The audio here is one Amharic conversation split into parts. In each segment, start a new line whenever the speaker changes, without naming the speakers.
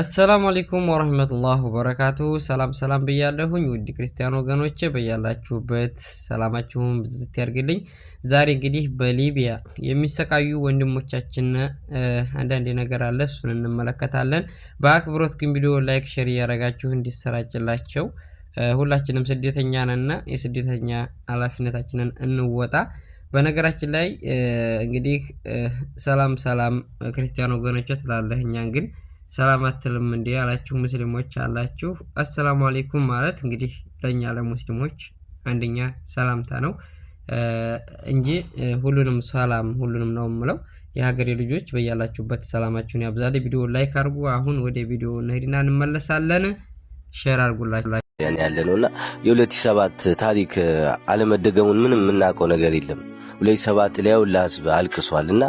አሰላሙ አለይኩም ወረህመቱላህ ወበረካቱ። ሰላም ሰላም ብያለሁኝ ውድ ክርስቲያን ወገኖች በያላችሁበት ሰላማችሁን ብዝት ያድርግልኝ። ዛሬ እንግዲህ በሊቢያ የሚሰቃዩ ወንድሞቻችን አንዳንድ ነገር አለ፣ እሱን እንመለከታለን። በአክብሮት ግን ቪዲዮ ላይክ፣ ሼር እያደረጋችሁ እንዲሰራጭላቸው ሁላችንም ስደተኛንና የስደተኛ ኃላፊነታችንን እንወጣ። በነገራችን ላይ እንግዲህ ሰላም ሰላም ክርስቲያን ወገኖች ትላለህ እኛን ግን ሰላም አትልም እንዴ ያላችሁ ሙስሊሞች አላችሁ። አሰላሙ አሌይኩም ማለት እንግዲህ ለእኛ ለሙስሊሞች አንደኛ ሰላምታ ነው እንጂ ሁሉንም ሰላም ሁሉንም ነው የምለው። የሀገሬ ልጆች በያላችሁበት ሰላማችሁን ያብዛል። ቪዲዮ ላይክ አርጉ። አሁን ወደ ቪዲዮ እንሄድና እንመለሳለን። ሼር አድርጉላችሁ ያለ ነው እና የሁለት ሺህ ሰባት ታሪክ አለመደገሙን ምንም የምናውቀው ነገር የለም። ሁለት ሺህ ሰባት ላይ ያው ለህዝብ አልቅሷል እና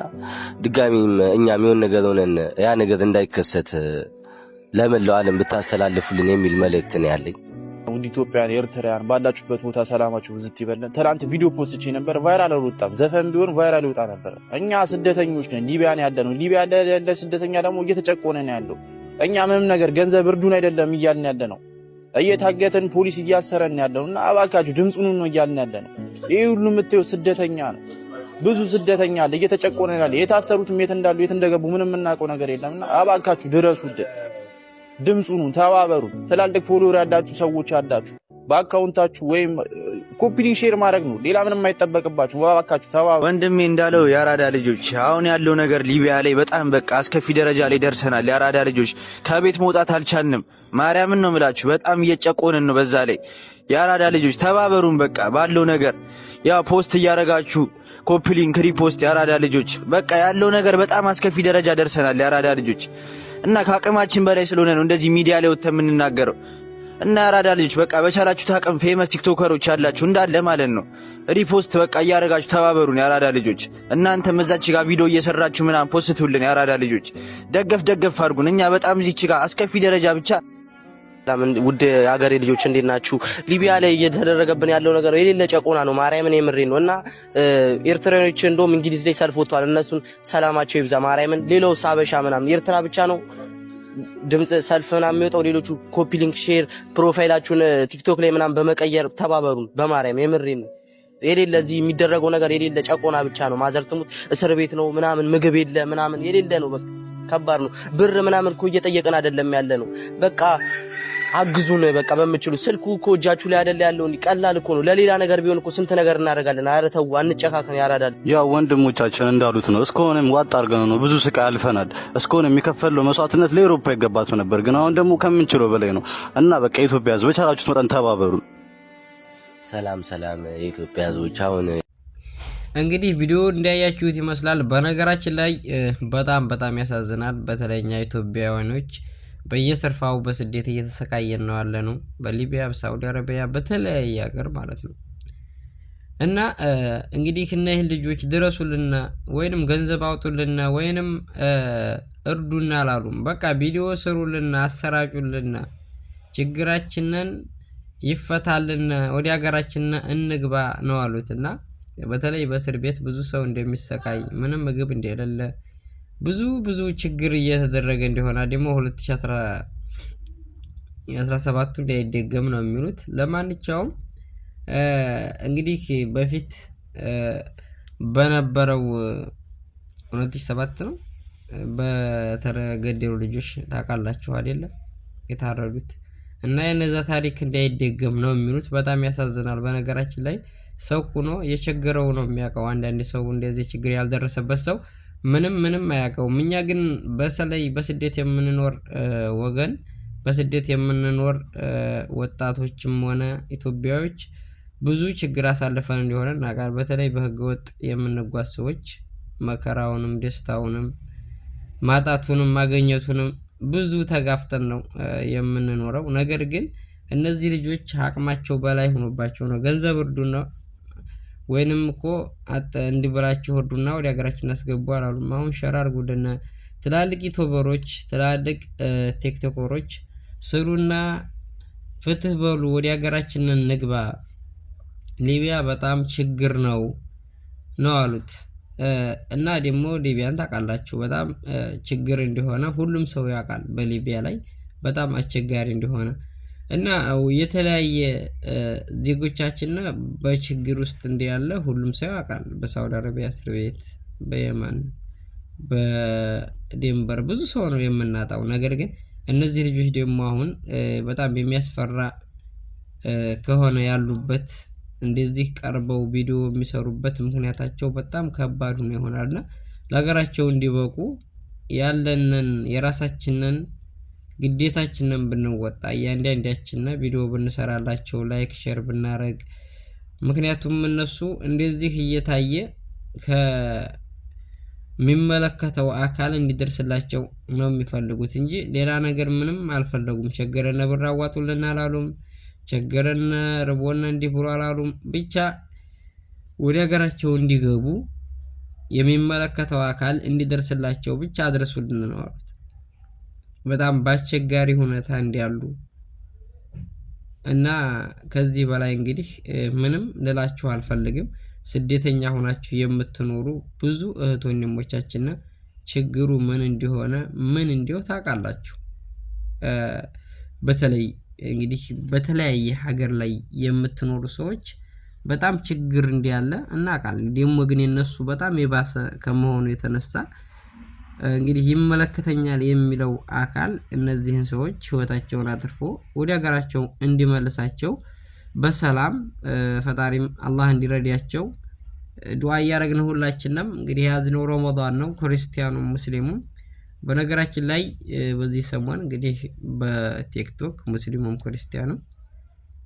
ድጋሚም እኛም የሆን ነገር ሆነን ያ ነገር እንዳይከሰት ለመላው ዓለም ብታስተላልፉልን የሚል መልእክት ነው ያለኝ። ውድ ኢትዮጵያን፣ ኤርትራያን ባላችሁበት ቦታ ሰላማችሁ ብዝት ይበለን። ትናንት ቪዲዮ ፖስቼ ነበር፣ ቫይራል አልወጣም። ዘፈን ቢሆን ቫይራል ይወጣ ነበር። እኛ ስደተኞች ነን፣ ሊቢያን ያለ ነው። ሊቢያ ያለ ስደተኛ ደግሞ እየተጨቆነ ነው ያለው እኛ ምንም ነገር ገንዘብ እርዱን አይደለም እያልን ያለ ነው። እየታገትን ፖሊስ እያሰረን ያለው እና እባካችሁ ድምፁን ነው እያልን ያለ ነው። ይህ ሁሉ የምትየው ስደተኛ ነው። ብዙ ስደተኛ አለ፣ እየተጨቆነ ያለ የታሰሩትም የት እንዳሉ የት እንደገቡ ምንም የምናውቀው ነገር የለም። እና እባካችሁ ድረሱ፣ ድምፁኑ ተባበሩ። ትላልቅ ፎሎወር ያላችሁ ሰዎች አላችሁ። በአካውንታችሁ ወይም ኮፒሊንግ ሼር ማድረግ ነው። ሌላ ምንም አይጠበቅባችሁ። ባካችሁ ተባ ወንድሜ እንዳለው የአራዳ ልጆች አሁን ያለው ነገር ሊቢያ ላይ በጣም በቃ አስከፊ ደረጃ ላይ ደርሰናል። የአራዳ ልጆች ከቤት መውጣት አልቻልንም። ማርያምን ነው ምላችሁ፣ በጣም እየጨቆንን ነው። በዛ ላይ የአራዳ ልጆች ተባበሩን። በቃ ባለው ነገር ያ ፖስት እያረጋችሁ ኮፒሊንግ ሪፖስት የአራዳ ልጆች በቃ ያለው ነገር በጣም አስከፊ ደረጃ ደርሰናል። የአራዳ ልጆች እና ከአቅማችን በላይ ስለሆነ ነው እንደዚህ ሚዲያ ላይ ወጥተን የምንናገረው። እና አራዳ ልጆች በቃ በቻላችሁ ታቀም ፌመስ ቲክቶከሮች ያላችሁ እንዳለ ማለት ነው ሪፖስት በቃ እያደረጋችሁ ተባበሩን። የአራዳ ልጆች እናንተ መዛች ጋር ቪዲዮ እየሰራችሁ ምናም ፖስትቱልን። የአራዳ ልጆች ደገፍ ደገፍ አድርጉን። እኛ በጣም እዚች ጋር አስከፊ ደረጃ ብቻ ውድ የሀገሬ ልጆች እንዴት ናችሁ? ሊቢያ ላይ እየተደረገብን ያለው ነገር የሌለ ጨቆና ነው። ማርያምን የምሬ ነው። እና ኤርትራኖች እንደውም እንግሊዝ ላይ ሰልፍ ወጥቷል። እነሱን ሰላማቸው ይብዛ። ማርያምን ሌላው ሳበሻ ምናምን ኤርትራ ብቻ ነው ድምፅ ሰልፍ ምናምን የሚወጣው ሌሎቹ ኮፒ ሊንክ ሼር ፕሮፋይላችሁን ቲክቶክ ላይ ምናምን በመቀየር ተባበሩ። በማርያም የምሬ ነው። የሌለ እዚህ የሚደረገው ነገር የሌለ ጨቆና ብቻ ነው። ማዘር ትሙት እስር ቤት ነው ምናምን ምግብ የለ ምናምን የሌለ ነው። በቃ ከባድ ነው። ብር ምናምን እኮ እየጠየቅን አይደለም ያለ ነው በቃ አግዙን በቃ በምችሉ። ስልኩ እኮ እጃችሁ ላይ አይደለ ያለው? ቀላል እኮ ነው። ለሌላ ነገር ቢሆን እኮ ስንት ነገር እናደርጋለን። ኧረ ተው አንጨካከን፣ ያራዳል። ያው ወንድሞቻችን እንዳሉት ነው። እስከሆነም ዋጥ አድርገን ነው ብዙ ስቃይ አልፈናል። እስከሆነ የሚከፈለው መስዋዕትነት ለኤሮፓ ይገባት ነበር፣ ግን አሁን ደግሞ ከምንችለው በላይ ነው እና በቃ የኢትዮጵያ ሕዝብ በቻላችሁት መጠን ተባበሩ። ሰላም ሰላም የኢትዮጵያ ህዝቦች አሁን እንግዲህ ቪዲዮ እንዳያችሁት ይመስላል። በነገራችን ላይ በጣም በጣም ያሳዝናል። በተለይ እኛ ኢትዮጵያውያኖች በየሰርፋው በስደት እየተሰቃየን ነው ያለ ነው። በሊቢያ፣ በሳዑዲ አረቢያ፣ በተለያየ ሀገር ማለት ነው። እና እንግዲህ እነይህን ልጆች ድረሱልና ወይንም ገንዘብ አውጡልና ወይንም እርዱና አላሉም። በቃ ቪዲዮ ስሩልና አሰራጩልና ችግራችንን ይፈታልና ወደ ሀገራችን እንግባ ነው አሉትና በተለይ በእስር ቤት ብዙ ሰው እንደሚሰቃይ ምንም ምግብ እንደሌለ ብዙ ብዙ ችግር እየተደረገ እንደሆነ ደግሞ 2017 እንዳይደገም ነው የሚሉት። ለማንኛውም እንግዲህ በፊት በነበረው 2007 ነው በተገደሉ ልጆች ታውቃላችሁ አይደለም የታረዱት እና የነዛ ታሪክ እንዳይደገም ነው የሚሉት። በጣም ያሳዝናል። በነገራችን ላይ ሰው ሆኖ የቸገረው ነው የሚያውቀው። አንዳንድ ሰው እንደዚህ ችግር ያልደረሰበት ሰው ምንም ምንም አያውቀውም። እኛ ግን በተለይ በስደት የምንኖር ወገን በስደት የምንኖር ወጣቶችም ሆነ ኢትዮጵያዎች ብዙ ችግር አሳልፈን እንደሆነ እናውቃለን። በተለይ በህገወጥ የምንጓዝ ሰዎች መከራውንም ደስታውንም ማጣቱንም ማገኘቱንም ብዙ ተጋፍተን ነው የምንኖረው። ነገር ግን እነዚህ ልጆች አቅማቸው በላይ ሆኖባቸው ነው ገንዘብ እርዱ ነው ወይንም እኮ እንዲበላችሁ እርዱና ወደ ሀገራችን አስገቡ አላሉም። አሁን ሸር አድርጉልና ትላልቅ ዩቱበሮች፣ ትላልቅ ቲክቶከሮች ስሩና ፍትህ በሉ ወደ ሀገራችንን ንግባ፣ ሊቢያ በጣም ችግር ነው ነው አሉት። እና ደግሞ ሊቢያን ታውቃላችሁ፣ በጣም ችግር እንደሆነ ሁሉም ሰው ያውቃል። በሊቢያ ላይ በጣም አስቸጋሪ እንደሆነ እና የተለያየ ዜጎቻችንና በችግር ውስጥ እንዲህ ያለ ሁሉም ሰው ያውቃል። በሳውዲ አረቢያ እስር ቤት፣ በየመን፣ በዴንበር ብዙ ሰው ነው የምናጣው። ነገር ግን እነዚህ ልጆች ደግሞ አሁን በጣም የሚያስፈራ ከሆነ ያሉበት እንደዚህ ቀርበው ቪዲዮ የሚሰሩበት ምክንያታቸው በጣም ከባድ ነው ይሆናልና ለሀገራቸው እንዲበቁ ያለንን የራሳችንን ግዴታችንን ብንወጣ እያንዳንዳችንና ቪዲዮ ብንሰራላቸው ላይክ ሼር ብናረግ ምክንያቱም እነሱ እንደዚህ እየታየ ከሚመለከተው አካል እንዲደርስላቸው ነው የሚፈልጉት እንጂ ሌላ ነገር ምንም አልፈለጉም። ቸገረነ ብር አዋጡልን አላሉም። ቸገረነ ርቦነ እንዲህ ብሎ አላሉም። ብቻ ወደ ሀገራቸው እንዲገቡ የሚመለከተው አካል እንዲደርስላቸው ብቻ አድረሱልን ነው አሉት። በጣም በአስቸጋሪ ሁኔታ እንዲያሉ እና ከዚህ በላይ እንግዲህ ምንም ልላችሁ አልፈልግም። ስደተኛ ሆናችሁ የምትኖሩ ብዙ እህት ወንድሞቻችንና ችግሩ ምን እንደሆነ ምን እንዲሁ ታውቃላችሁ። በተለይ እንግዲህ በተለያየ ሀገር ላይ የምትኖሩ ሰዎች በጣም ችግር እንዲያለ እናውቃለን። ደግሞ ግን የነሱ በጣም የባሰ ከመሆኑ የተነሳ እንግዲህ ይመለከተኛል የሚለው አካል እነዚህን ሰዎች ህይወታቸውን አትርፎ ወደ ሀገራቸው እንዲመልሳቸው በሰላም ፈጣሪም አላህ እንዲረዳቸው ዱዓ እያደረግን ሁላችንም እንግዲህ የያዝነው ረመዳን ነው። ክርስቲያኑ ሙስሊሙ በነገራችን ላይ በዚህ ሰሞን እንግዲህ በቲክቶክ ሙስሊሙም ክርስቲያኑም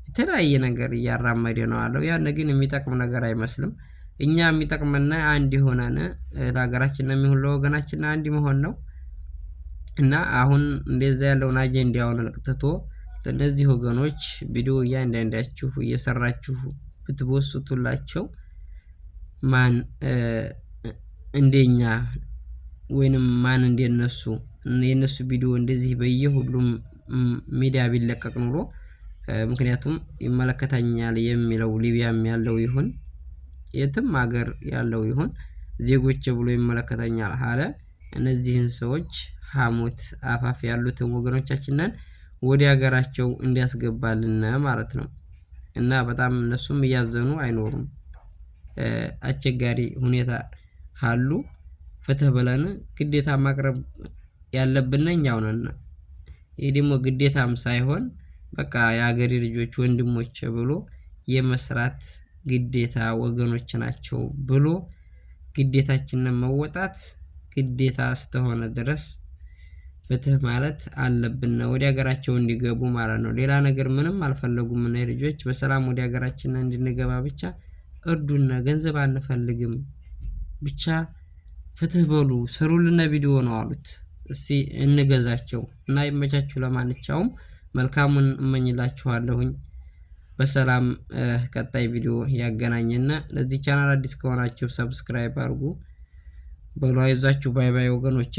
የተለያየ ነገር እያራመደ ነው አለው። ያን ግን የሚጠቅም ነገር አይመስልም። እኛ የሚጠቅመና አንድ የሆነን ለሀገራችንና የሚሆን ወገናችን አንድ መሆን ነው እና አሁን እንደዛ ያለውን አጀንዳውን ትቶ ለእነዚህ ወገኖች ቪዲዮ እያንዳንዳችሁ እየሰራችሁ ብትቦስቱላቸው ማን እንደኛ ወይንም ማን እንደነሱ የነሱ ቪዲዮ እንደዚህ በየሁሉም ሚዲያ ቢለቀቅ ኑሮ ምክንያቱም ይመለከታኛል የሚለው ሊቢያም ያለው ይሁን የትም አገር ያለው ይሁን ዜጎች ብሎ ይመለከተኛል አለ። እነዚህን ሰዎች ሐሞት አፋፍ ያሉትን ወገኖቻችንን ወደ ሀገራቸው እንዲያስገባልን ማለት ነው። እና በጣም እነሱም እያዘኑ አይኖሩም። አስቸጋሪ ሁኔታ አሉ። ፍትህ ብለን ግዴታ ማቅረብ ያለብን እኛው ነን። ይህ ደግሞ ግዴታም ሳይሆን በቃ የሀገሬ ልጆች ወንድሞች ብሎ የመስራት ግዴታ ወገኖች ናቸው ብሎ ግዴታችንን መወጣት ግዴታ እስተሆነ ድረስ ፍትህ ማለት አለብን ነው። ወደ ሀገራቸው እንዲገቡ ማለት ነው። ሌላ ነገር ምንም አልፈለጉም። እና ልጆች በሰላም ወደ ሀገራችን እንድንገባ ብቻ እርዱና፣ ገንዘብ አንፈልግም፣ ብቻ ፍትህ በሉ ስሩልና ቪዲዮ ነው አሉት። እስቲ እንገዛቸው እና ይመቻችሁ። ለማንኛውም መልካሙን እመኝላችኋለሁኝ። በሰላም ቀጣይ ቪዲዮ ያገናኘና ለዚህ ቻናል አዲስ ከሆናችሁ ሰብስክራይብ አድርጉ። በሉ አይዟችሁ። ባይ ባይ ወገኖቼ።